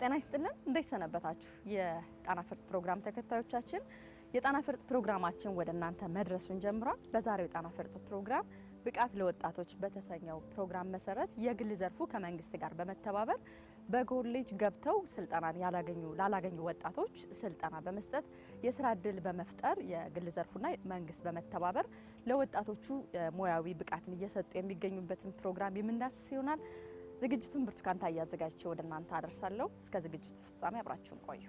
ጤና ይስጥልን ሰነበታችሁ? የጣና ፍርድ ፕሮግራም ተከታዮቻችን የጣና ፍርድ ፕሮግራማችን ወደ እናንተ መድረሱን ጀምሯል። በዛሬው የጣና ፍርድ ፕሮግራም ብቃት ለወጣቶች በተሰኘው ፕሮግራም መሰረት የግል ዘርፉ ከመንግስት ጋር በመተባበር በኮሌጅ ገብተው ስልጠናን ያላገኙ ላላገኙ ወጣቶች ስልጠና በመስጠት የስራ እድል በመፍጠር የግል ዘርፉና መንግስት በመተባበር ለወጣቶቹ ሙያዊ ብቃትን እየሰጡ የሚገኙበትን ፕሮግራም የምናስስ ይሆናል። ዝግጅቱን ብርቱካን ታዬ አዘጋጅቼ ወደ እናንተ አደርሳለሁ። እስከ ዝግጅቱ ፍጻሜ አብራችሁን ቆዩ።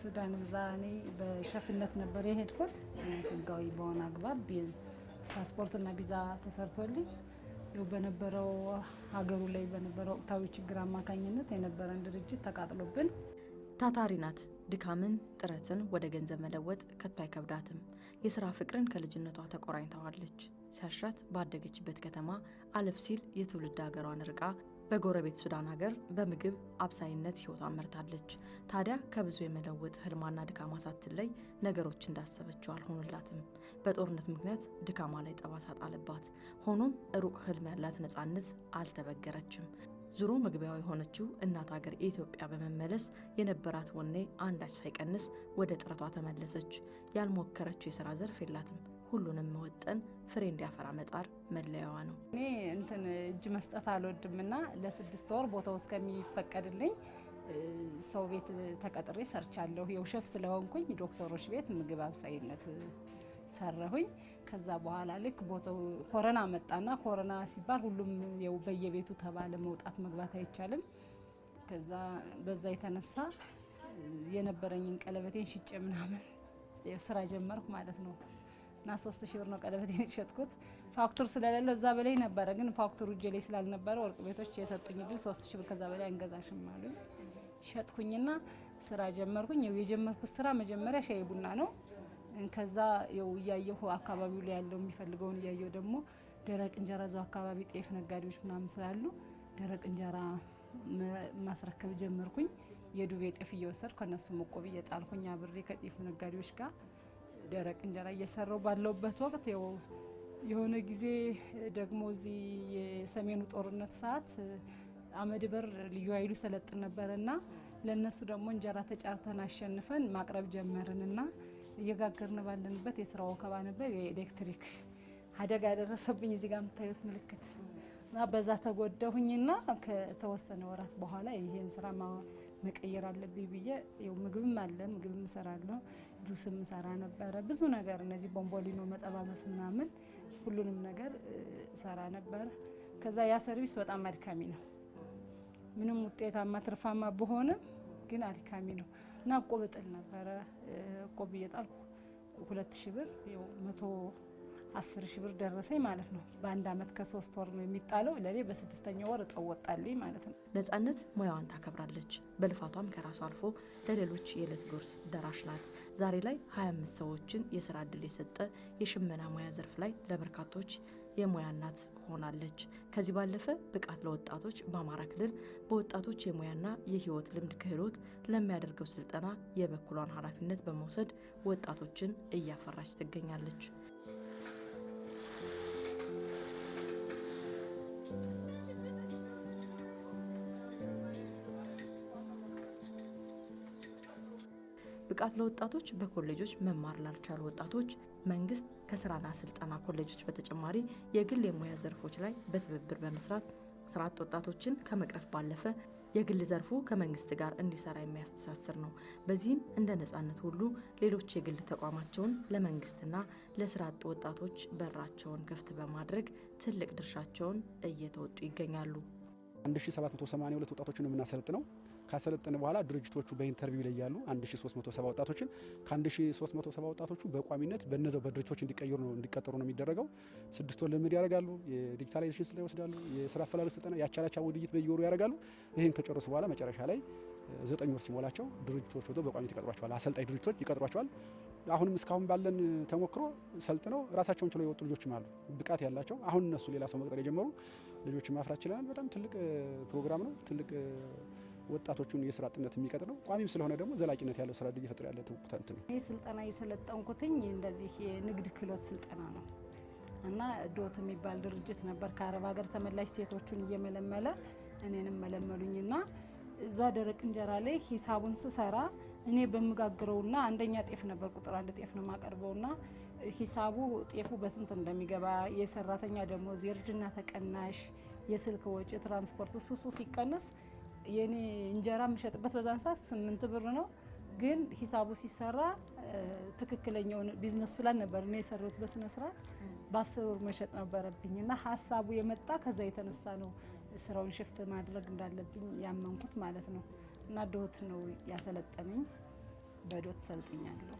ሱዳን እዛ እኔ በሸፍነት ነበር የሄድኩት ህጋዊ በሆነ አግባብ ፓስፖርትና ቪዛ ተሰርቶልኝ ያው በነበረው ሀገሩ ላይ በነበረው ወቅታዊ ችግር አማካኝነት የነበረን ድርጅት ተቃጥሎብን። ታታሪ ናት። ድካምን፣ ጥረትን ወደ ገንዘብ መለወጥ ከቶ አይከብዳትም። የስራ ፍቅርን ከልጅነቷ ተቆራኝተዋለች። ሲያሻት ባደገችበት ከተማ አለፍ ሲል የትውልድ ሀገሯን ርቃ በጎረቤት ሱዳን ሀገር በምግብ አብሳይነት ህይወት መርታለች። ታዲያ ከብዙ የመለወጥ ህልማና ድካማ ሳትለይ ነገሮች እንዳሰበችው አልሆኑላትም። በጦርነት ምክንያት ድካማ ላይ ጠባሳ ጣለባት። ሆኖም ሩቅ ህልም ያላት ነፃነት አልተበገረችም። ዙሮ መግቢያዋ የሆነችው እናት ሀገር ኢትዮጵያ በመመለስ የነበራት ወኔ አንዳች ሳይቀንስ ወደ ጥረቷ ተመለሰች። ያልሞከረችው የስራ ዘርፍ የላትም። ሁሉንም መወጠን ፍሬ እንዲያፈራ መጣር መለያዋ ነው። እኔ እንትን እጅ መስጠት አልወድም ለስድስት ወር ቦታው እስከሚፈቀድልኝ ሰው ቤት ተቀጥሬ ሰርቻለሁ። የውሸፍ ስለሆንኩኝ ዶክተሮች ቤት ምግብ አብሳይነት ሰራሁኝ። ከዛ በኋላ ልክ ቦታው ኮረና መጣና ኮረና ሲባል ሁሉም ው በየቤቱ ተባለ፣ መውጣት መግባት አይቻልም። ከዛ በዛ የተነሳ የነበረኝን ቀለበቴን ሽጬ ምናምን ስራ ጀመርኩ ማለት ነው። እና ሶስት ሺ ብር ነው ቀለበት የሸጥኩት። ፋክቱር ስለሌለው እዛ በላይ ነበረ፣ ግን ፋክቱር እጄ ላይ ስላልነበረ ወርቅ ቤቶች የሰጡኝ ድል ሶስት ብር ከዛ በላይ አንገዛሽም አሉኝ። ሸጥኩኝና ስራ ጀመርኩኝ። ያው የጀመርኩት ስራ መጀመሪያ ሻይ ቡና ነው። ከዛ ያው እያየሁ አካባቢው ላይ ያለው የሚፈልገውን እያየሁ ደግሞ ደረቅ እንጀራ እዛው አካባቢ ጤፍ ነጋዴዎች ምናምን ስላሉ ደረቅ እንጀራ ማስረከብ ጀመርኩኝ። የዱቤ ጤፍ እየወሰድኩ ከነሱ እቁብ እየጣልኩኝ አብሬ ከጤፍ ነጋዴዎች ጋር ደረቅ እንጀራ እየሰራው ባለውበት ወቅት የሆነ ጊዜ ደግሞ እዚህ የሰሜኑ ጦርነት ሰዓት አመድ በር ልዩ ኃይሉ ሰለጥን ነበርና ለእነሱ ደግሞ እንጀራ ተጫርተን አሸንፈን ማቅረብ ጀመርንና እየጋገርን ባለንበት የስራ ወከባ ነበር። የኤሌክትሪክ አደጋ ያደረሰብኝ እዚህ ጋር የምታዩት ምልክት እና በዛ ተጎዳሁኝና ከተወሰነ ወራት በኋላ ይሄን ስራ መቀየር አለብኝ ብዬ ያው ምግብም አለ ምግብም እሰራለሁ፣ ጁስም እሰራ ነበረ፣ ብዙ ነገር እነዚህ ቦምቦሊኖ መጠባበስ ምናምን ሁሉንም ነገር እሰራ ነበረ። ከዛ ያ ሰርቪስ በጣም አድካሚ ነው። ምንም ውጤታማ ትርፋማ በሆነም ግን አድካሚ ነው እና እቆብ እጥል ነበረ። እቆብ እየጣልኩ ሁለት ሺ ብር መቶ አስር ሺ ብር ደረሰኝ ማለት ነው። በአንድ አመት ከሶስት ወር ነው የሚጣለው። ለኔ በስድስተኛ ወር እጠወጣልኝ ማለት ነው። ነጻነት ሙያዋን ታከብራለች። በልፋቷም ከራሷ አልፎ ለሌሎች የዕለት ጉርስ ደራሽ ናት። ዛሬ ላይ 25 ሰዎችን የስራ እድል የሰጠ የሽመና ሙያ ዘርፍ ላይ ለበርካቶች የሙያ እናት ሆናለች። ከዚህ ባለፈ ብቃት ለወጣቶች በአማራ ክልል በወጣቶች የሙያና የህይወት ልምድ ክህሎት ለሚያደርገው ስልጠና የበኩሏን ኃላፊነት በመውሰድ ወጣቶችን እያፈራች ትገኛለች። ብቃት ለወጣቶች በኮሌጆች መማር ላልቻሉ ወጣቶች መንግስት ከስራና ስልጠና ኮሌጆች በተጨማሪ የግል የሙያ ዘርፎች ላይ በትብብር በመስራት ስራ አጥ ወጣቶችን ከመቅረፍ ባለፈ የግል ዘርፉ ከመንግስት ጋር እንዲሰራ የሚያስተሳስር ነው። በዚህም እንደ ነጻነት ሁሉ ሌሎች የግል ተቋማቸውን ለመንግስትና ለስራ አጥ ወጣቶች በራቸውን ክፍት በማድረግ ትልቅ ድርሻቸውን እየተወጡ ይገኛሉ። 1782 ወጣቶችን የምናሰልጥ ነው። ካሰለጠን በኋላ ድርጅቶቹ በኢንተርቪው ላይ ያሉ 1370 ወጣቶችን ከ1370 ወጣቶቹ በቋሚነት በነዛው በድርጅቶች እንዲቀየሩ ነው እንዲቀጠሩ ነው የሚደረገው። ስድስት ወር ልምድ ያደርጋሉ፣ የዲጂታላይዜሽን ስልጠና ይወስዳሉ፣ የስራ አፈላለግ ስልጠና፣ የአቻላቻ ውይይት በየወሩ ያደርጋሉ። ይህን ከጨረሱ በኋላ መጨረሻ ላይ ዘጠኝ ወር ሲሞላቸው ድርጅቶች ወጥተው በቋሚነት ይቀጥሯቸዋል። አሰልጣኝ ድርጅቶች ይቀጥሯቸዋል። አሁንም እስካሁን ባለን ተሞክሮ ሰልጥነው ራሳቸውን ችለው የወጡ ልጆችም አሉ፣ ብቃት ያላቸው አሁን እነሱ ሌላ ሰው መቅጠር የጀመሩ ልጆችን ማፍራት ችለናል። በጣም ትልቅ ፕሮግራም ነው ትልቅ ወጣቶቹን የስራ አጥነት የሚቀጥ ነው። ቋሚም ስለሆነ ደግሞ ዘላቂነት ያለው ስራ ዕድል እየፈጠረ ያለ ትውቁታንት ነው። ይህ ስልጠና የሰለጠንኩትኝ እንደዚህ የንግድ ክህሎት ስልጠና ነው እና ዶት የሚባል ድርጅት ነበር ከአረብ ሀገር ተመላሽ ሴቶቹን እየመለመለ እኔንም መለመሉኝ መለመሉኝና እዛ ደረቅ እንጀራ ላይ ሂሳቡን ስሰራ እኔ በምጋግረውና አንደኛ ጤፍ ነበር ቁጥር አንድ ጤፍ ነው የማቀርበውና ሂሳቡ ጤፉ በስንት እንደሚገባ የሰራተኛ ደግሞ የእርጅና ተቀናሽ፣ የስልክ ወጪ፣ ትራንስፖርት እሱ እሱ ሲቀነስ የኔ እንጀራ የምሸጥበት በዛን ሰዓት ስምንት ብር ነው። ግን ሂሳቡ ሲሰራ ትክክለኛውን ቢዝነስ ፕላን ነበር እኔ የሰሩት በስነ ስርዓት በአስር ብር መሸጥ ነበረብኝ እና ሀሳቡ የመጣ ከዛ የተነሳ ነው ስራውን ሽፍት ማድረግ እንዳለብኝ ያመንኩት ማለት ነው። እና ዶት ነው ያሰለጠነኝ። በዶት ሰልጥኛለሁ።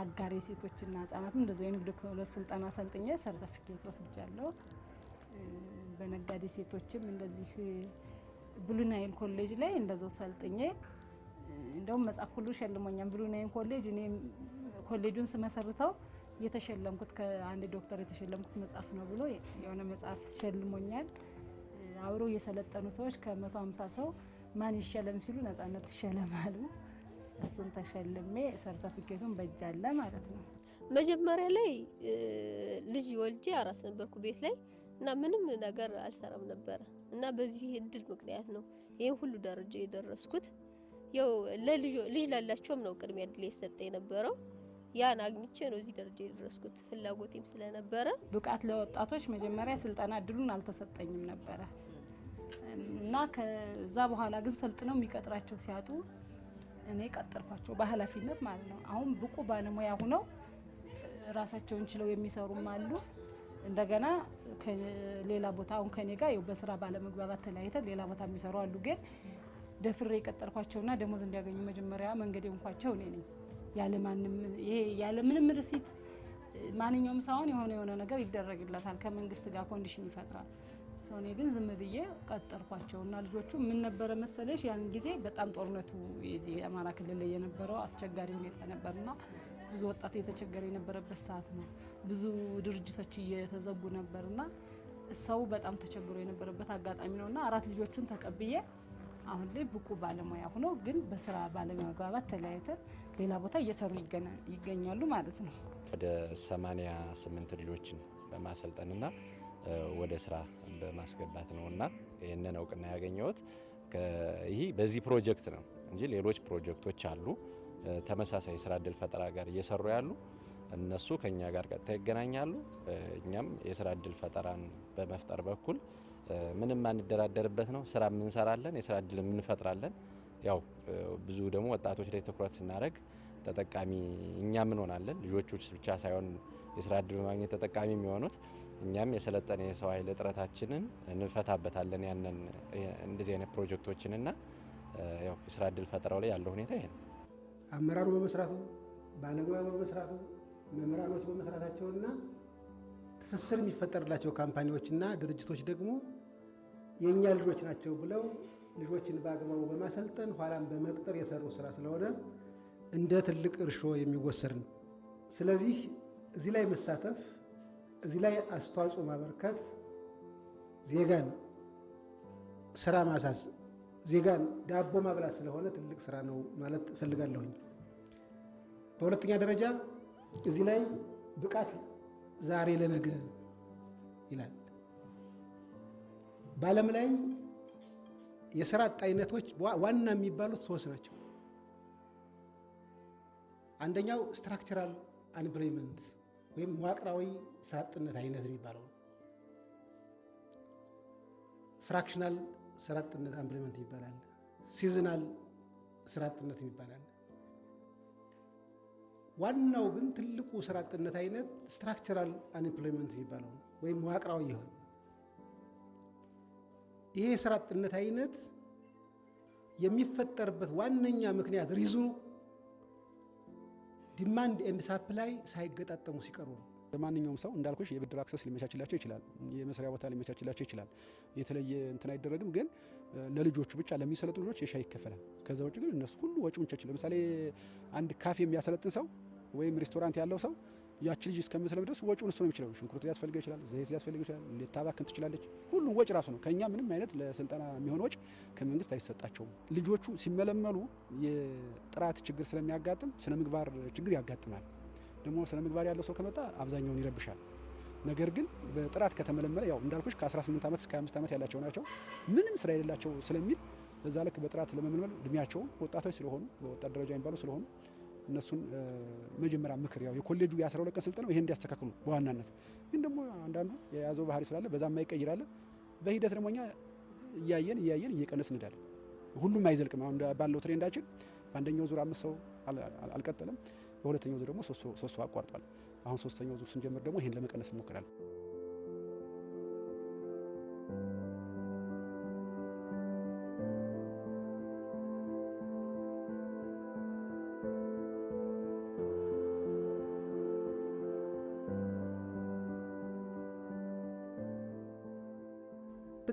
አጋር የሴቶችና ህጻናትም እንደዚ የንግድ ክህሎት ስልጠና ሰልጥኛ ሰርተፊኬት ወስጃለሁ። በነጋዴ ሴቶችም እንደዚህ ብሉናይል ኮሌጅ ላይ እንደዛው ሰልጥኜ እንደውም መጽሐፍ ሁሉ ሸልሞኛል። ብሉናይል ኮሌጅ እኔ ኮሌጁን ስመሰርተው የተሸለምኩት ከአንድ ዶክተር የተሸለምኩት መጽሐፍ ነው ብሎ የሆነ መጽሐፍ ሸልሞኛል። አብሮ የሰለጠኑ ሰዎች ከ150 ሰው ማን ይሸለም ሲሉ ነጻነት ይሸለማሉ። እሱን ተሸልሜ ሰርተፊኬቱን በእጃለ ማለት ነው። መጀመሪያ ላይ ልጅ ወልጄ አራስ ነበርኩ ቤት ላይ እና ምንም ነገር አልሰራም ነበረ እና በዚህ እድል ምክንያት ነው ይህ ሁሉ ደረጃ የደረስኩት። ያው ልጅ ላላቸውም ነው ቅድሚያ እድል የሰጠ የነበረው ያን አግኝቼ ነው እዚህ ደረጃ የደረስኩት። ፍላጎቴም ስለነበረ ብቃት ለወጣቶች መጀመሪያ ስልጠና እድሉን አልተሰጠኝም ነበረ እና ከዛ በኋላ ግን ሰልጥነው የሚቀጥራቸው ሲያጡ እኔ ቀጠርኳቸው በኃላፊነት ማለት ነው። አሁን ብቁ ባለሙያ ሁነው ራሳቸውን ችለው የሚሰሩም አሉ። እንደገና ሌላ ቦታ አሁን ከኔ ጋር በስራ ባለመግባባት ተለያይተን ሌላ ቦታ የሚሰሩ አሉ። ግን ደፍሬ የቀጠርኳቸውና ደሞዝ እንዲያገኙ መጀመሪያ መንገድ የሆንኳቸው እኔ ነኝ። ያለ ምንም ርሲት ማንኛውም ሰውን የሆነ የሆነ ነገር ይደረግለታል። ከመንግስት ጋር ኮንዲሽን ይፈጥራል። ሰው እኔ ግን ዝም ብዬ ቀጠርኳቸው እና ልጆቹ ምን ነበረ መሰለሽ ያን ጊዜ በጣም ጦርነቱ የዚህ የአማራ ክልል ላይ የነበረው አስቸጋሪ ሁኔታ ነበርና ብዙ ወጣት እየተቸገረ የነበረበት ሰዓት ነው። ብዙ ድርጅቶች እየተዘጉ ነበር እና ሰው በጣም ተቸግሮ የነበረበት አጋጣሚ ነውና አራት ልጆቹን ተቀብዬ አሁን ላይ ብቁ ባለሙያ ሆኖ ግን በስራ ባለመግባባት ተለያይተን ሌላ ቦታ እየሰሩ ይገኛሉ ማለት ነው። ወደ 88 ልጆችን በማሰልጠን እና ወደ ስራ በማስገባት ነው እና ይህንን እውቅና ያገኘሁት ይህ በዚህ ፕሮጀክት ነው እንጂ ሌሎች ፕሮጀክቶች አሉ። ተመሳሳይ የስራ እድል ፈጠራ ጋር እየሰሩ ያሉ እነሱ ከኛ ጋር ቀጥታ ይገናኛሉ። እኛም የስራ እድል ፈጠራን በመፍጠር በኩል ምንም ማንደራደርበት ነው። ስራ እንሰራለን፣ የስራ እድል እንፈጥራለን። ያው ብዙ ደግሞ ወጣቶች ላይ ትኩረት ስናደርግ ተጠቃሚ እኛም እንሆናለን። ልጆቹ ብቻ ሳይሆን የስራ እድል በማግኘት ተጠቃሚ የሚሆኑት እኛም የሰለጠነ የሰው ኃይል እጥረታችንን እንፈታበታለን። ያንን እንደዚህ አይነት ፕሮጀክቶችንና ያው የስራ እድል ፈጠራው ላይ ያለው ሁኔታ ይሄ ነው። አመራሩ በመስራቱ ባለሙያ በመስራቱ መምህራኖች በመስራታቸውና ትስስር የሚፈጠርላቸው ካምፓኒዎችና ድርጅቶች ደግሞ የእኛ ልጆች ናቸው ብለው ልጆችን በአግባቡ በማሰልጠን ኋላም በመቅጠር የሰሩ ስራ ስለሆነ እንደ ትልቅ እርሾ የሚወሰድ ነው። ስለዚህ እዚህ ላይ መሳተፍ፣ እዚህ ላይ አስተዋጽኦ ማበርከት ዜጋን ስራ ማሳዝ ዜጋን ዳቦ ማብላት ስለሆነ ትልቅ ስራ ነው ማለት እፈልጋለሁኝ። በሁለተኛ ደረጃ እዚህ ላይ ብቃት ዛሬ ለነገ ይላል። በዓለም ላይ የስራ አጥ አይነቶች ዋና የሚባሉት ሶስት ናቸው። አንደኛው ስትራክቸራል አንኤምፕሎይመንት ወይም መዋቅራዊ ስራ አጥነት አይነት የሚባለው ፍራክሽናል ስራጥነት አምፕሊመንት ይባላል። ሲዝናል ስራጥነት ይባላል። ዋናው ግን ትልቁ ስራጥነት አይነት ስትራክቸራል አንኤምፕሎይመንት የሚባለው ወይም መዋቅራዊ ይሆን። ይሄ ስራጥነት አይነት የሚፈጠርበት ዋነኛ ምክንያት ሪዝኑ ዲማንድ ኤንድ ሳፕላይ ሳይገጣጠሙ ሲቀሩ ነው። ለማንኛውም ሰው እንዳልኩሽ የብድር አክሰስ ሊመቻችላቸው ይችላል። የመስሪያ ቦታ ሊመቻችላቸው ይችላል። የተለየ እንትን አይደረግም። ግን ለልጆቹ ብቻ ለሚሰለጡ ልጆች የሻይ ይከፈላል። ከዛ ውጭ ግን እነሱ ሁሉ ወጪ ምቻችል። ለምሳሌ አንድ ካፌ የሚያሰለጥን ሰው ወይም ሬስቶራንት ያለው ሰው ያቺ ልጅ እስከምትለብ ድረስ ወጪውን እሱ ነው የሚችለው። ሽንኩርት ሊያስፈልገው ይችላል፣ ዘይት ሊያስፈልገው ይችላል፣ ልታባክን ትችላለች። ሁሉም ወጪ ራሱ ነው። ከእኛ ምንም አይነት ለስልጠና የሚሆን ወጪ ከመንግስት አይሰጣቸውም። ልጆቹ ሲመለመሉ የጥራት ችግር ስለሚያጋጥም ስነ ምግባር ችግር ያጋጥማል። ደግሞ ስነ ምግባር ያለው ሰው ከመጣ አብዛኛውን ይረብሻል። ነገር ግን በጥራት ከተመለመለ ያው እንዳልኩሽ ከ18 ዓመት እስከ 25 ዓመት ያላቸው ናቸው። ምንም ስራ የሌላቸው ስለሚል በዛ ልክ በጥራት ለመመልመል እድሜያቸው ወጣቶች ስለሆኑ በወጣት ደረጃ የሚባሉ ስለሆኑ እነሱን መጀመሪያ ምክር ያው የኮሌጁ የ12 ቀን ስልጠናው ይሄን እንዲያስተካክሉ በዋናነት ግን ደግሞ አንዳንዱ የያዘው ባህሪ ስላለ በዛ የማይቀይር አለ። በሂደት ደግሞ እኛ እያየን እያየን እየቀነስ እንሄዳለን። ሁሉም አይዘልቅም። አሁን ባለው ትሬንዳችን በአንደኛው ዙር አምስት ሰው አልቀጠለም። በሁለተኛው ዙር ደግሞ ሶስቱ አቋርጧል። አሁን ሶስተኛው ዙር ስንጀምር ደግሞ ይህን ለመቀነስ እንሞክራለን።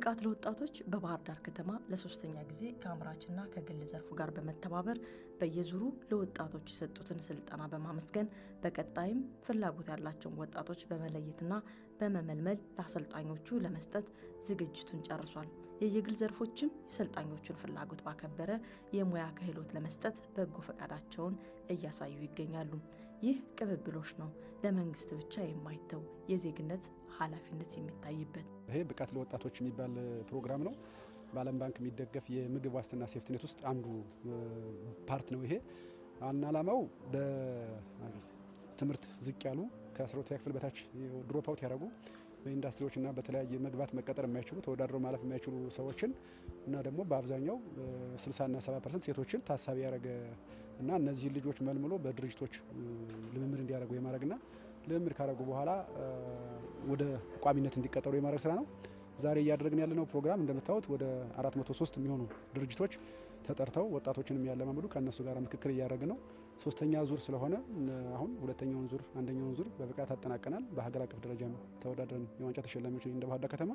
ጥቃት ለወጣቶች በባህር ዳር ከተማ ለሶስተኛ ጊዜ ከአምራችና ከግል ዘርፉ ጋር በመተባበር በየዙሩ ለወጣቶች የሰጡትን ስልጠና በማመስገን በቀጣይም ፍላጎት ያላቸውን ወጣቶች በመለየትና በመመልመል ለአሰልጣኞቹ ለመስጠት ዝግጅቱን ጨርሷል። የየግል ዘርፎችም የሰልጣኞቹን ፍላጎት ባከበረ የሙያ ክህሎት ለመስጠት በጎ ፈቃዳቸውን እያሳዩ ይገኛሉ። ይህ ቅብብሎች ነው፣ ለመንግስት ብቻ የማይተው የዜግነት ኃላፊነት የሚታይበት ይሄ ብቃት ለወጣቶች የሚባል ፕሮግራም ነው። በዓለም ባንክ የሚደገፍ የምግብ ዋስትና ሴፍትኔት ውስጥ አንዱ ፓርት ነው። ይሄ ዋና አላማው በትምህርት ዝቅ ያሉ ከአስረኛ ክፍል በታች ድሮፕ አውት ያደረጉ በኢንዱስትሪዎችና በተለያየ መግባት መቀጠር የማይችሉ ተወዳድረው ማለፍ የማይችሉ ሰዎችን እና ደግሞ በአብዛኛው 60ና 70 ፐርሰንት ሴቶችን ታሳቢ ያደረገ እና እነዚህን ልጆች መልምሎ በድርጅቶች ልምምድ እንዲያደርጉ የማድረግና ልምምድ ካደረጉ በኋላ ወደ ቋሚነት እንዲቀጠሩ የማድረግ ስራ ነው። ዛሬ እያደረግን ያለነው ፕሮግራም እንደምታዩት ወደ 403 የሚሆኑ ድርጅቶች ተጠርተው ወጣቶችንም ያለማመዱ ከእነሱ ጋር ምክክር እያደረግን ነው። ሶስተኛ ዙር ስለሆነ አሁን ሁለተኛውን ዙር አንደኛውን ዙር በብቃት አጠናቀናል። በሀገር አቀፍ ደረጃም ተወዳድረን የዋንጫ ተሸላሚዎች እንደ ባህር ዳር ከተማ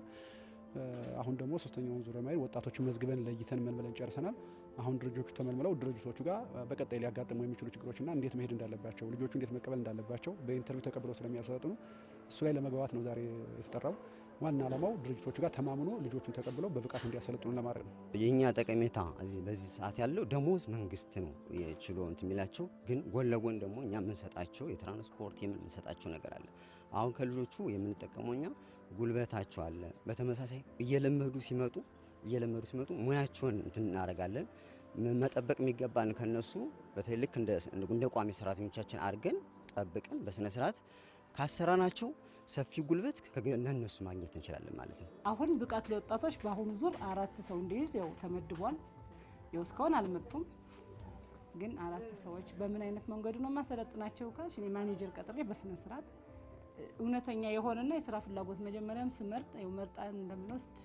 አሁን ደግሞ ሶስተኛውን ዙር ለማየት ወጣቶችን መዝግበን ለይተን መልመለን ጨርሰናል። አሁን ድርጅቶቹ ተመልምለው ድርጅቶቹ ጋር በቀጣይ ሊያጋጥሙ የሚችሉ ችግሮችና እንዴት መሄድ እንዳለባቸው ልጆቹ እንዴት መቀበል እንዳለባቸው በኢንተርቪው ተቀብለው ስለሚያሰለጥኑ እሱ ላይ ለመግባባት ነው ዛሬ የተጠራው። ዋና ዓላማው ድርጅቶቹ ጋር ተማምኖ ልጆቹን ተቀብለው በብቃት እንዲያሰለጥኑ ለማድረግ ነው። የእኛ ጠቀሜታ በዚህ ሰዓት ያለው ደሞዝ መንግስት ነው የችሎ እንትን የሚላቸው፣ ግን ጎን ለጎን ደግሞ እኛ የምንሰጣቸው የትራንስፖርት የምንሰጣቸው ነገር አለ። አሁን ከልጆቹ የምንጠቀመው እኛ ጉልበታቸው አለ። በተመሳሳይ እየለመዱ ሲመጡ እየለመዱ ሲመጡ ሙያቸውን እንትን እናደርጋለን። መጠበቅ የሚገባን ከነሱ በተለይ ልክ እንደ ቋሚ ሰራተኞቻችን አድርገን ጠብቀን በስነ ስርዓት ካሰራናቸው ሰፊ ጉልበት ለእነሱ ማግኘት እንችላለን ማለት ነው። አሁን ብቃት ለወጣቶች በአሁኑ ዙር አራት ሰው እንዲይዝ ያው ተመድቧል። ያው እስካሁን አልመጡም፣ ግን አራት ሰዎች በምን አይነት መንገዱ ነው የማሰለጥናቸው ካልሽ እኔ ማኔጀር ቀጥሬ በስነ ስርዓት እውነተኛ የሆነና የስራ ፍላጎት መጀመሪያም ስመርጥ መርጣን እንደምንወስድ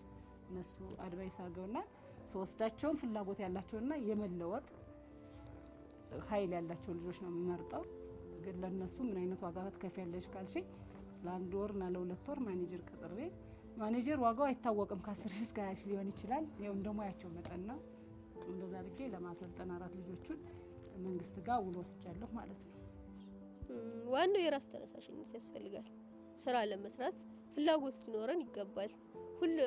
እነሱ አድቫይስ አድርገውና ስወስዳቸውን ፍላጎት ያላቸውና የመለወጥ ኃይል ያላቸው ልጆች ነው የምመርጠው። ግን ለእነሱ ምን አይነት ዋጋ ያለች ካልሽ ለአንድ ወርና ለሁለት ወር ማኔጀር ቀጥሬ ማኔጀር ዋጋው አይታወቅም፣ ከአስር እስከ ሀያ ሺህ ሊሆን ይችላል። ያው እንደ ሙያቸው መጠን ነው። እንደዛ ልጌ ለማሰልጠን አራት ልጆቹን መንግስት ጋር ውል ወስጃለሁ ማለት ነው። ዋናው የራስ ተነሳሽነት ያስፈልጋል። ስራ ለመስራት ፍላጎት ሊኖረን ይገባል። ሁሉ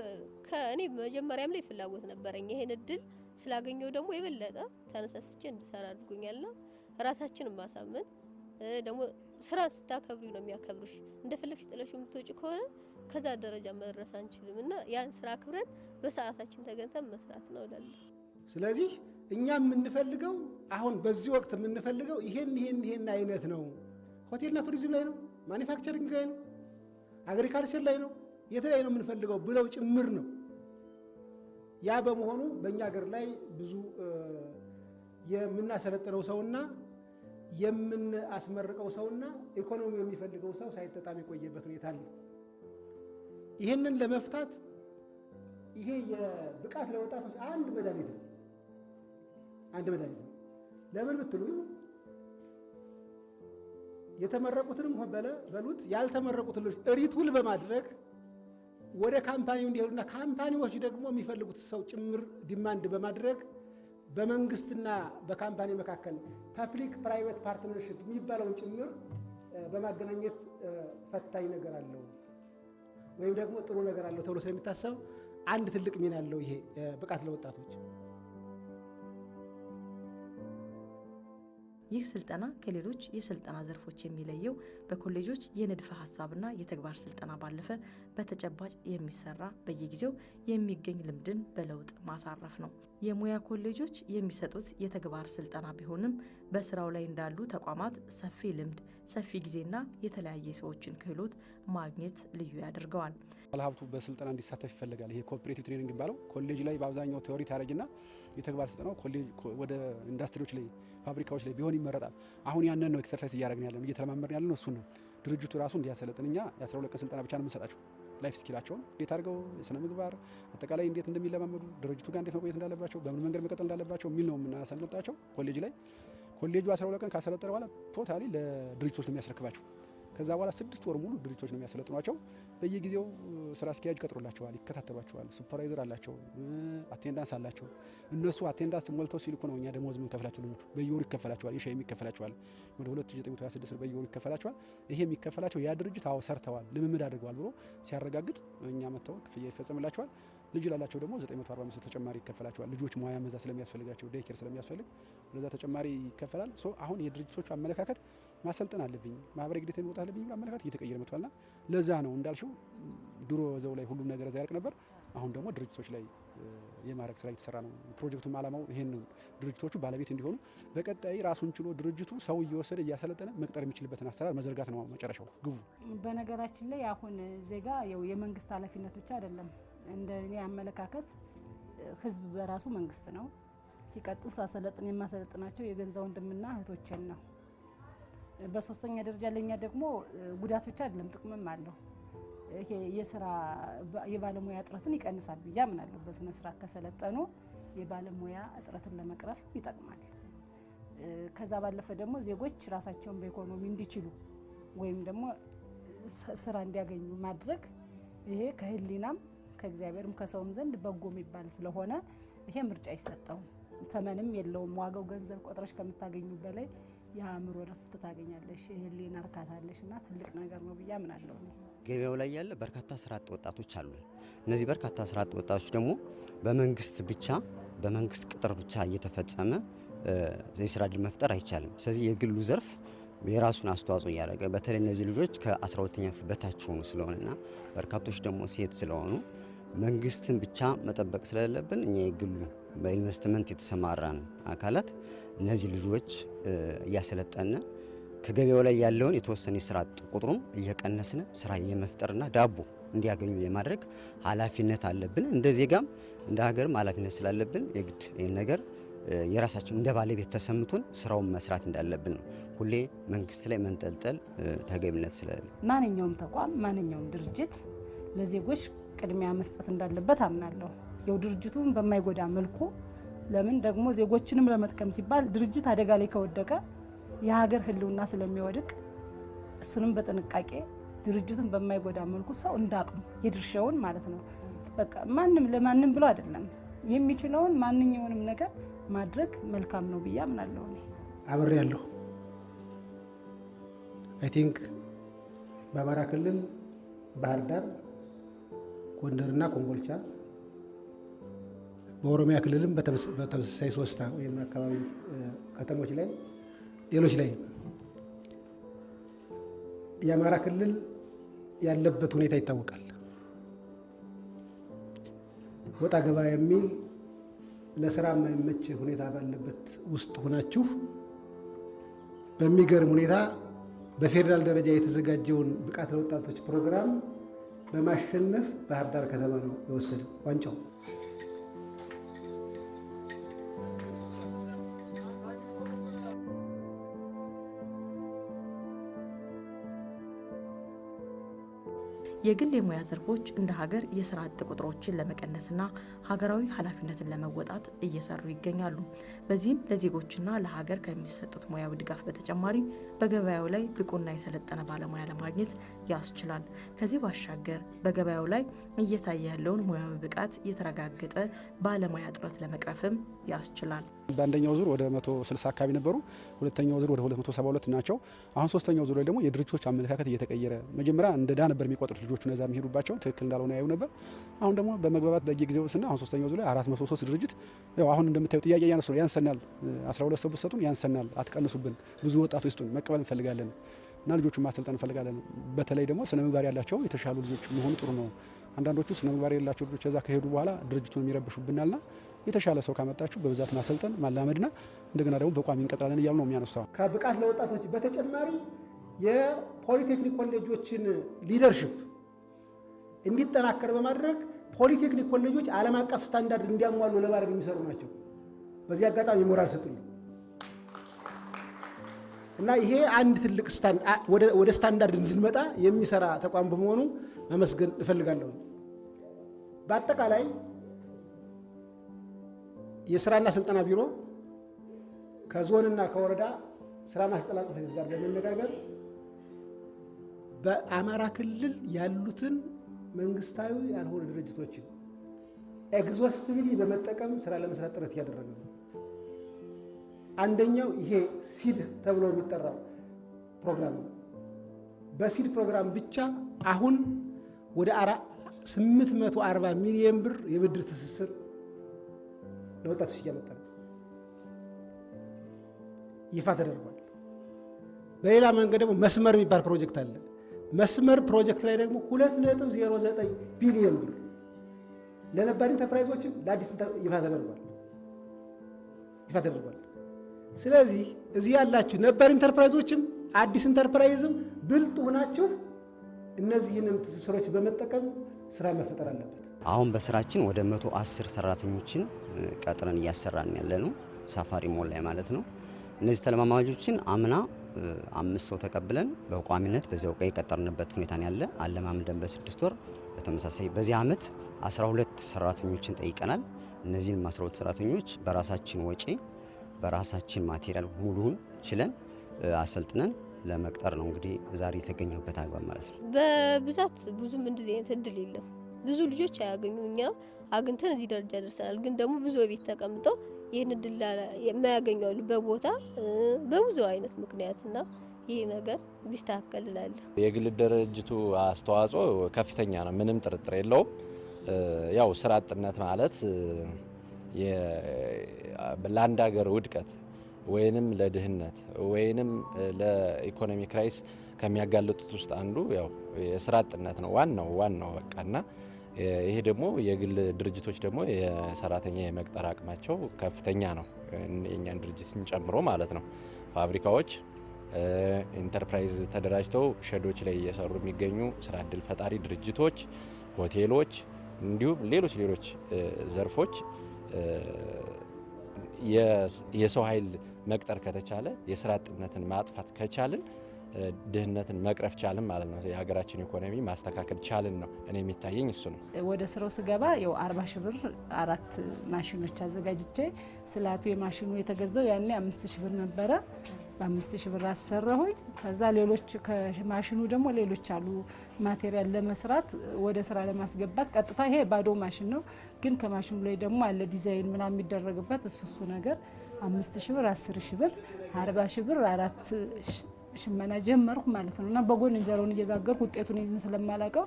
ከእኔ መጀመሪያም ላይ ፍላጎት ነበረኝ። ይሄን እድል ስላገኘው ደግሞ የበለጠ ተነሳስቼ እንድሰራ አድርጎኛልና ራሳችንን ማሳመን ደግሞ ስራ ስታከብሪ ነው የሚያከብሩሽ። እንደፈለግሽ ጥለሽ የምትወጪ ከሆነ ከዛ ደረጃ መድረስ አንችልም እና ያን ስራ አክብረን በሰዓታችን ተገንተን መስራት ነው እላለሁ። ስለዚህ እኛ የምንፈልገው አሁን በዚህ ወቅት የምንፈልገው ይሄን ይሄን ይሄን አይነት ነው። ሆቴልና ቱሪዝም ላይ ነው፣ ማኒፋክቸሪንግ ላይ ነው አግሪካልቸር ላይ ነው የተለያዩ ነው የምንፈልገው ብለው ጭምር ነው። ያ በመሆኑ በእኛ ሀገር ላይ ብዙ የምናሰለጥነው ሰውና የምናስመርቀው ሰውና ኢኮኖሚ የሚፈልገው ሰው ሳይጠጣም የቆየበት ሁኔታ አለ። ይህንን ለመፍታት ይሄ የብቃት ለወጣቶች አንድ መድኃኒት ነው። አንድ መድኃኒት ነው። ለምን ብትሉ የተመረቁትንም በለ በሉት ያልተመረቁትን ልጆች ሪቱል በማድረግ ወደ ካምፓኒው እንዲሄዱና ካምፓኒዎች ደግሞ የሚፈልጉት ሰው ጭምር ዲማንድ በማድረግ በመንግስትና በካምፓኒ መካከል ፐብሊክ ፕራይቬት ፓርትነርሽፕ የሚባለውን ጭምር በማገናኘት ፈታኝ ነገር አለው ወይም ደግሞ ጥሩ ነገር አለው ተብሎ ስለሚታሰብ አንድ ትልቅ ሚና አለው ይሄ ብቃት ለወጣቶች ይህ ስልጠና ከሌሎች የስልጠና ዘርፎች የሚለየው በኮሌጆች የንድፈ ሀሳብና የተግባር ስልጠና ባለፈ በተጨባጭ የሚሰራ በየጊዜው የሚገኝ ልምድን በለውጥ ማሳረፍ ነው። የሙያ ኮሌጆች የሚሰጡት የተግባር ስልጠና ቢሆንም በስራው ላይ እንዳሉ ተቋማት ሰፊ ልምድ፣ ሰፊ ጊዜና የተለያየ ሰዎችን ክህሎት ማግኘት ልዩ ያደርገዋል። ባለሀብቱ በስልጠና እንዲሳተፍ ይፈልጋል። ይሄ ኮኦፕሬቲቭ ትሬኒንግ የሚባለው ኮሌጅ ላይ በአብዛኛው ቴዎሪ ታደረግና የተግባር ስልጠናው ወደ ኢንዱስትሪዎች ላይ ፋብሪካዎች ላይ ቢሆን ይመረጣል። አሁን ያንን ነው ኤክሰርሳይዝ እያደረግን ያለ ነው እየተለማመርን ያለ ነው እሱን ነው ድርጅቱ ራሱ እንዲያሰለጥን እኛ የ12 ቀን ስልጠና ብቻ ነው የምንሰጣቸው። ላይፍ ስኪላቸውን እንዴት አድርገው የስነ ምግባር አጠቃላይ እንዴት እንደሚለማመዱ ድርጅቱ ጋር እንዴት መቆየት እንዳለባቸው በምን መንገድ መቀጠል እንዳለባቸው የሚል ነው የምናሰልጣቸው ኮሌጅ ላይ። ኮሌጁ 12 ቀን ካሰለጠረ በኋላ ቶታሊ ለድርጅቶች ነው የሚያስረክባቸው። ከዛ በኋላ ስድስት ወር ሙሉ ድርጅቶች ነው የሚያሰለጥኗቸው። በየጊዜው ስራ አስኪያጅ ቀጥሮላቸዋል፣ ይከታተሏቸዋል። ሱፐርቫይዘር አላቸው፣ አቴንዳንስ አላቸው። እነሱ አቴንዳንስ ሞልተው ሲልኩ ነው እኛ ደሞዝ የምንከፍላቸው። ልጆቹ በየወሩ ይከፈላቸዋል፣ የሻይም ይከፈላቸዋል። ወደ 2926 በየወሩ ይከፈላቸዋል። ይሄ የሚከፈላቸው ያ ድርጅት አዎ ሰርተዋል፣ ልምምድ አድርገዋል ብሎ ሲያረጋግጥ እኛ መጥተው ክፍያ ይፈጸምላቸዋል። ልጅ ላላቸው ደግሞ 945 ተጨማሪ ይከፈላቸዋል። ልጆች ሙያ መዛ ስለሚያስፈልጋቸው ዴይኬር ስለሚያስፈልግ ለዛ ተጨማሪ ይከፈላል። አሁን የድርጅቶቹ አመለካከት ማሰልጠን አለብኝ፣ ማህበራዊ ግዴታ መውጣት አለብኝ ብሎ አመለካከት እየተቀየረ መጥቷልና ለዛ ነው እንዳልሽው ድሮ ዘው ላይ ሁሉም ነገር እዛ ያልቅ ነበር። አሁን ደግሞ ድርጅቶች ላይ የማድረግ ስራ እየተሰራ ነው። ፕሮጀክቱም አላማው ይሄን ድርጅቶቹ ባለቤት እንዲሆኑ በቀጣይ ራሱን ችሎ ድርጅቱ ሰው እየወሰደ እያሰለጠነ መቅጠር የሚችልበትን አሰራር መዘርጋት ነው መጨረሻው ግቡ። በነገራችን ላይ አሁን ዜጋ የመንግስት ኃላፊነት ብቻ አይደለም። እንደ እኔ አመለካከት ህዝብ በራሱ መንግስት ነው። ሲቀጥል ሳሰለጥን የማሰለጥናቸው የገንዘብ ወንድምና እህቶችን ነው። በሶስተኛ ደረጃ ለኛ ደግሞ ጉዳት ብቻ አይደለም ጥቅምም አለው። ይሄ የስራ የባለሙያ እጥረትን ይቀንሳል ብዬ አምናለሁ። በስነ ስርዓት ከሰለጠኑ የባለሙያ እጥረትን ለመቅረፍ ይጠቅማል። ከዛ ባለፈ ደግሞ ዜጎች ራሳቸውን በኢኮኖሚ እንዲችሉ ወይም ደግሞ ስራ እንዲያገኙ ማድረግ ይሄ ከህሊናም ከእግዚአብሔርም ከሰውም ዘንድ በጎ የሚባል ስለሆነ ይሄ ምርጫ አይሰጠውም፣ ተመንም የለውም። ዋጋው ገንዘብ ቆጥረሽ ከምታገኙ በላይ የአእምሮ ረፍት ታገኛለሽ፣ የህሊና እርካታለሽ እና ትልቅ ነገር ነው ብዬ አምናለሁ። ገበያው ላይ ያለ በርካታ ስራ አጥ ወጣቶች አሉ። እነዚህ በርካታ ስራ አጥ ወጣቶች ደግሞ በመንግስት ብቻ በመንግስት ቅጥር ብቻ እየተፈጸመ የስራ እድል መፍጠር አይቻልም። ስለዚህ የግሉ ዘርፍ የራሱን አስተዋጽኦ እያደረገ በተለይ እነዚህ ልጆች ከ12ኛ ክፍል በታች ሆኑ ስለሆነና በርካቶች ደግሞ ሴት ስለሆኑ መንግስትን ብቻ መጠበቅ ስለሌለብን እኛ የግሉ በኢንቨስትመንት የተሰማራን አካላት እነዚህ ልጆች እያሰለጠነ ከገበያው ላይ ያለውን የተወሰነ የስራ ቁጥሩም እየቀነስነ ስራ የመፍጠርና ዳቦ እንዲያገኙ የማድረግ ኃላፊነት አለብን። እንደ ዜጋም እንደ ሀገርም ኃላፊነት ስላለብን የግድ ይህን ነገር የራሳችን እንደ ባለቤት ተሰምቶን ስራውን መስራት እንዳለብን ነው። ሁሌ መንግስት ላይ መንጠልጠል ተገቢነት ስለሌለ ማንኛውም ተቋም ማንኛውም ድርጅት ለዜጎች ቅድሚያ መስጠት እንዳለበት አምናለሁ። ያው ድርጅቱን በማይጎዳ መልኩ ለምን ደግሞ ዜጎችንም ለመጥቀም ሲባል ድርጅት አደጋ ላይ ከወደቀ የሀገር ሕልውና ስለሚወድቅ እሱንም በጥንቃቄ ድርጅቱን በማይጎዳ መልኩ ሰው እንዳቅሙ የድርሻውን ማለት ነው። በቃ ማንም ለማንም ብሎ አይደለም የሚችለውን ማንኛውንም ነገር ማድረግ መልካም ነው ብዬ አምናለሁ። አብሬ ያለሁ አይ ቲንክ በአማራ ክልል ባህር ዳር፣ ጎንደርና ኮምቦልቻ በኦሮሚያ ክልልም በተመሳሳይ ሶስት ወይም አካባቢ ከተሞች ላይ ሌሎች ላይ የአማራ ክልል ያለበት ሁኔታ ይታወቃል። ወጣ ገባ የሚል ለስራ የማይመች ሁኔታ ባለበት ውስጥ ሆናችሁ በሚገርም ሁኔታ በፌዴራል ደረጃ የተዘጋጀውን ብቃት ለወጣቶች ፕሮግራም በማሸነፍ ባህር ዳር ከተማ ነው የወሰደው ዋንጫው። የግል የሙያ ዘርፎች እንደ ሀገር የስራ አጥ ቁጥሮችን ለመቀነስና ሀገራዊ ኃላፊነትን ለመወጣት እየሰሩ ይገኛሉ። በዚህም ለዜጎችና ለሀገር ከሚሰጡት ሙያዊ ድጋፍ በተጨማሪ በገበያው ላይ ብቁና የሰለጠነ ባለሙያ ለማግኘት ያስችላል። ከዚህ ባሻገር በገበያው ላይ እየታየ ያለውን ሙያዊ ብቃት የተረጋገጠ ባለሙያ እጥረት ለመቅረፍም ያስችላል። በአንደኛው ዙር ወደ 160 አካባቢ ነበሩ። ሁለተኛው ዙር ወደ 272 ናቸው። አሁን ሶስተኛው ዙር ላይ ደግሞ የድርጅቶች አመለካከት እየተቀየረ መጀመሪያ እንደ ዳ ነበር የሚቆጥሩት ልጆቹ ነዛ የሚሄዱባቸው ትክክል እንዳልሆነ ያዩ ነበር። አሁን ደግሞ በመግባባት በየጊዜው ስና አሁን ሶስተኛው ዙር ላይ 403 ድርጅት ያው አሁን እንደምታዩ ጥያቄ እያነሱ ነው። ያንሰናል፣ 12 ሰው ብትሰጡን ያንሰናል፣ አትቀንሱብን፣ ብዙ ወጣቶች ስጡን፣ መቀበል እንፈልጋለን እና ልጆቹን ማሰልጠን እንፈልጋለን። በተለይ ደግሞ ስነ ምግባር ያላቸው የተሻሉ ልጆች መሆኑ ጥሩ ነው። አንዳንዶቹ ስነ ምግባር የሌላቸው ልጆች እዛ ከሄዱ በኋላ ድርጅቱን ና የተሻለ ሰው ካመጣችሁ በብዛት ማሰልጠን ና እንደገና ደግሞ በቋሚ እንቀጥላለን እያሉ ነው የሚያነስተዋል። ከብቃት ለወጣቶች በተጨማሪ የፖሊቴክኒክ ኮሌጆችን ሊደርሽፕ እንዲጠናከር በማድረግ ፖሊቴክኒክ ኮሌጆች ዓለም አቀፍ ስታንዳርድ እንዲያሟሉ ለማድረግ የሚሰሩ ናቸው። በዚህ አጋጣሚ ሞራል ስጡኝ። እና ይሄ አንድ ትልቅ ወደ ስታንዳርድ እንድንመጣ የሚሰራ ተቋም በመሆኑ መመስገን እፈልጋለሁ። በአጠቃላይ የስራና ስልጠና ቢሮ ከዞንና ከወረዳ ስራና ስልጠና ጽሕፈት ቤት ጋር በመነጋገር በአማራ ክልል ያሉትን መንግስታዊ ያልሆኑ ድርጅቶችን ኤግዞስቲቭሊ በመጠቀም ስራ ለመስራት ጥረት እያደረገ ነው። አንደኛው ይሄ ሲድ ተብሎ የሚጠራው ፕሮግራም ነው። በሲድ ፕሮግራም ብቻ አሁን ወደ 840 ሚሊዮን ብር የብድር ትስስር ለወጣቶች እያመጣ ነው፣ ይፋ ተደርጓል። በሌላ መንገድ ደግሞ መስመር የሚባል ፕሮጀክት አለ። መስመር ፕሮጀክት ላይ ደግሞ 2.09 ቢሊዮን ብር ለነባር ኢንተርፕራይዞችም ለአዲስ ይፋ ተደርጓል ይፋ ተደርጓል። ስለዚህ እዚህ ያላችሁ ነበር ኢንተርፕራይዞችም አዲስ ኢንተርፕራይዝም ብልጥ ሆናችሁ እነዚህንም ትስስሮች በመጠቀም ስራ መፈጠር አለበት። አሁን በስራችን ወደ መቶ አስር ሰራተኞችን ቀጥረን እያሰራን ያለ ነው፣ ሳፋሪ ሞል ላይ ማለት ነው። እነዚህ ተለማማጆችን አምና አምስት ሰው ተቀብለን በቋሚነት በዚያው ቀይ የቀጠርንበት ሁኔታ ያለ አለማምደን በስድስት ወር በተመሳሳይ በዚህ ዓመት 12 ሰራተኞችን ጠይቀናል። እነዚህንም 12 ሰራተኞች በራሳችን ወጪ በራሳችን ማቴሪያል ሙሉን ችለን አሰልጥነን ለመቅጠር ነው እንግዲህ ዛሬ የተገኘሁበት አግባብ ማለት ነው። በብዛት ብዙም እንደዚህ አይነት እድል የለም። ብዙ ልጆች አያገኙ። እኛ አግኝተን እዚህ ደረጃ ደርሰናል። ግን ደግሞ ብዙ በቤት ተቀምጠው ይህን እድል የማያገኘሉ በቦታ በብዙ አይነት ምክንያት እና ይህ ነገር ቢስተካከል እላለሁ። የግል ድርጅቱ አስተዋጽኦ ከፍተኛ ነው፣ ምንም ጥርጥር የለውም። ያው ስራ አጥነት ማለት ለአንድ ሀገር ውድቀት ወይንም ለድህነት ወይንም ለኢኮኖሚ ክራይስ ከሚያጋልጡት ውስጥ አንዱ ያው የስራ አጥነት ነው። ዋናው ዋናው በቃና ይሄ ደግሞ የግል ድርጅቶች ደግሞ የሰራተኛ የመቅጠር አቅማቸው ከፍተኛ ነው፣ የእኛን ድርጅትን ጨምሮ ማለት ነው። ፋብሪካዎች ኢንተርፕራይዝ ተደራጅተው ሸዶች ላይ እየሰሩ የሚገኙ ስራ እድል ፈጣሪ ድርጅቶች፣ ሆቴሎች እንዲሁም ሌሎች ሌሎች ዘርፎች የሰው ኃይል መቅጠር ከተቻለ የስራ አጥነትን ማጥፋት ከቻልን ድህነትን መቅረፍ ቻልን ማለት ነው። የሀገራችን ኢኮኖሚ ማስተካከል ቻልን ነው እኔ የሚታየኝ እሱ ነው። ወደ ስራው ስገባ ያው አርባ ሺ ብር አራት ማሽኖች አዘጋጅቼ ስላቱ የማሽኑ የተገዛው ያኔ አምስት ሺ ብር ነበረ። በአምስት ሺ ብር አሰራሁኝ። ከዛ ሌሎች ከማሽኑ ደግሞ ሌሎች አሉ ማቴሪያል ለመስራት ወደ ስራ ለማስገባት ቀጥታ ይሄ ባዶ ማሽን ነው፣ ግን ከማሽኑ ላይ ደግሞ አለ ዲዛይን ምናምን የሚደረግበት እሱ እሱ ነገር አምስት ሺ ብር አስር ሺ ብር አርባ ሺ ብር አራት ሽመና ጀመርኩ ማለት ነው። እና በጎን እንጀራውን እየጋገርኩ ውጤቱን ይዝን ስለማላውቀው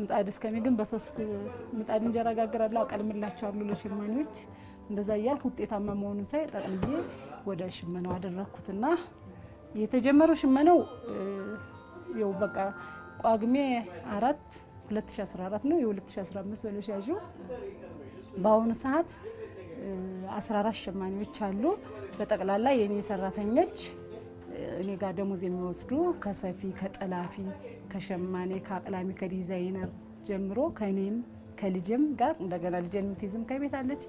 ምጣድ እስከሚ ግን በሶስት ምጣድ እንጀራ ጋግራለሁ፣ አቀልምላቸዋለሁ ለሸማኔዎች። እንደዛ እያልኩ ውጤታማ መሆኑን ሳይ ጠቅምዬ ወደ ሽመናው አደረኩትና የተጀመረው ሽመናው ያው በቃ ቋግሜ አራት 2014 ነው። የ2015 በለሽ ያዡ በአሁኑ ሰዓት 14 ሸማኔዎች አሉ። በጠቅላላ የእኔ ሰራተኞች እኔ ጋር ደሞዝ የሚወስዱ ከሰፊ፣ ከጠላፊ፣ ከሸማኔ፣ ከአቅላሚ፣ ከዲዛይነር ጀምሮ ከኔም ከልጅም ጋር እንደገና ልጄን የምትይዝም ከቤት አለች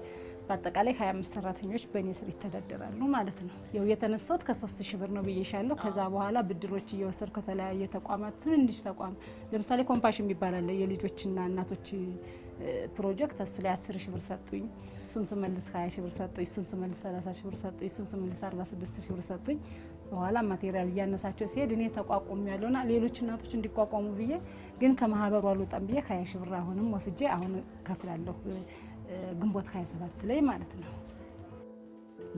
በአጠቃላይ 25 ሰራተኞች በእኔ ስር ይተዳደራሉ ማለት ነው። ያው የተነሳሁት ከ ሺ ብር ነው ብዬሻለሁ። ከዛ በኋላ ብድሮች እየወሰድኩ ከተለያየ ተቋማት ትንንሽ ተቋም ለምሳሌ ኮምፓሽን የሚባል አለ የልጆችና እናቶች ፕሮጀክት እሱ ላይ 10 ሺህ ብር ሰጡኝ። እሱን ስመልስ 20 ሺህ ብር ሰጡኝ። እሱን ስመልስ 30 ሺህ ብር ሰጡኝ። እሱን ስመልስ 46 ሺህ ብር ሰጡኝ። በኋላ ማቴሪያል እያነሳቸው ሲሄድ እኔ ተቋቁም ያለውና ሌሎች እናቶች እንዲቋቋሙ ብዬ ግን ከማህበሩ አልወጣም ብዬ ከሀያ ሺህ ብር አሁንም ወስጄ አሁን ከፍላለሁ። ግንቦት 27 ላይ ማለት ነው።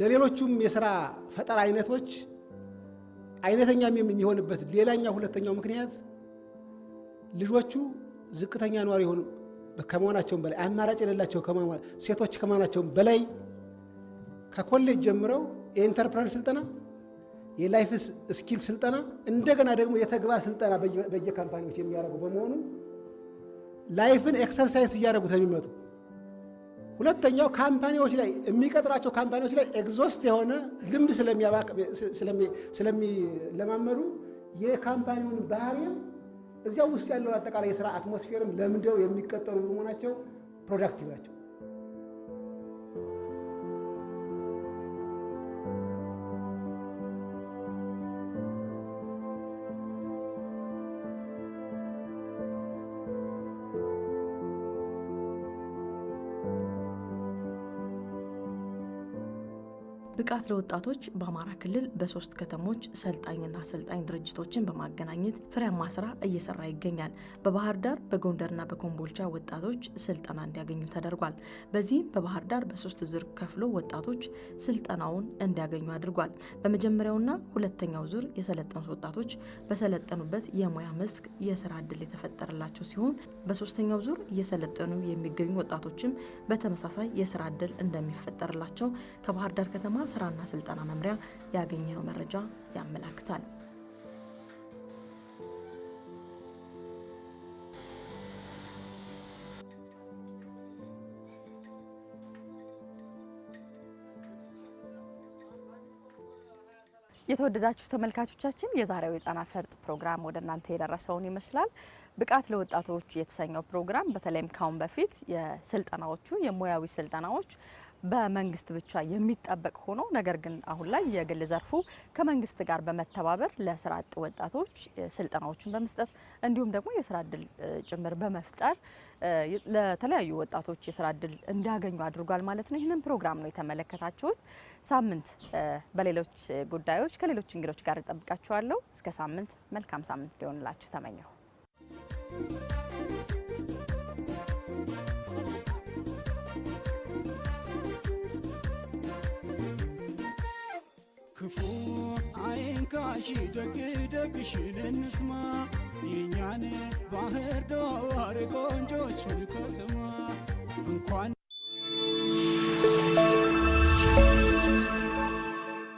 ለሌሎቹም የስራ ፈጠራ አይነቶች አይነተኛም የሚሆንበት ሌላኛው ሁለተኛው ምክንያት ልጆቹ ዝቅተኛ ነዋሪ የሆኑ ከመሆናቸውም በላይ አማራጭ የሌላቸው ሴቶች ከመሆናቸውም በላይ ከኮሌጅ ጀምረው የኢንተርፕረን ስልጠና፣ የላይፍ ስኪል ስልጠና እንደገና ደግሞ የተግባር ስልጠና በየካምፓኒዎች የሚያደርጉ በመሆኑ ላይፍን ኤክሰርሳይዝ እያደረጉት ነው የሚመጡ ሁለተኛው ካምፓኒዎች ላይ የሚቀጥራቸው ካምፓኒዎች ላይ ኤግዞስት የሆነ ልምድ ስለሚለማመዱ የካምፓኒውን ባህሪም እዚያ ውስጥ ያለውን አጠቃላይ የስራ አትሞስፌርም ለምደው የሚቀጠሩ በመሆናቸው ፕሮዳክቲቭ ናቸው። ብቃት ለወጣቶች በአማራ ክልል በሶስት ከተሞች ሰልጣኝና አሰልጣኝ ድርጅቶችን በማገናኘት ፍሬያማ ስራ እየሰራ ይገኛል። በባህር ዳር፣ በጎንደርና በኮምቦልቻ ወጣቶች ስልጠና እንዲያገኙ ተደርጓል። በዚህም በባህር ዳር በሶስት ዙር ከፍሎ ወጣቶች ስልጠናውን እንዲያገኙ አድርጓል። በመጀመሪያውና ሁለተኛው ዙር የሰለጠኑት ወጣቶች በሰለጠኑበት የሙያ መስክ የስራ እድል የተፈጠረላቸው ሲሆን በሶስተኛው ዙር እየሰለጠኑ የሚገኙ ወጣቶችም በተመሳሳይ የስራ እድል እንደሚፈጠርላቸው ከባህር ዳር ከተማ ስራ ስራና ስልጠና መምሪያ ያገኘነው መረጃ ያመላክታል። የተወደዳችሁ ተመልካቾቻችን የዛሬው የጣና ፈርጥ ፕሮግራም ወደ እናንተ የደረሰውን ይመስላል። ብቃት ለወጣቶች የተሰኘው ፕሮግራም በተለይም ካሁን በፊት የስልጠናዎቹ የሙያዊ ስልጠናዎች በመንግስት ብቻ የሚጠበቅ ሆኖ ነገር ግን አሁን ላይ የግል ዘርፉ ከመንግስት ጋር በመተባበር ለስራ አጥ ወጣቶች ስልጠናዎችን በመስጠት እንዲሁም ደግሞ የስራ እድል ጭምር በመፍጠር ለተለያዩ ወጣቶች የስራ እድል እንዲያገኙ አድርጓል ማለት ነው። ይህንን ፕሮግራም ነው የተመለከታችሁት። ሳምንት በሌሎች ጉዳዮች ከሌሎች እንግዶች ጋር እጠብቃችኋለሁ። እስከ ሳምንት መልካም ሳምንት ሊሆንላችሁ ተመኘሁ። ክፉ አይንካሽ ደግ ደግሽን እንስማ የእኛን ባህር ዳር ቆንጆችን ከተማ እንኳን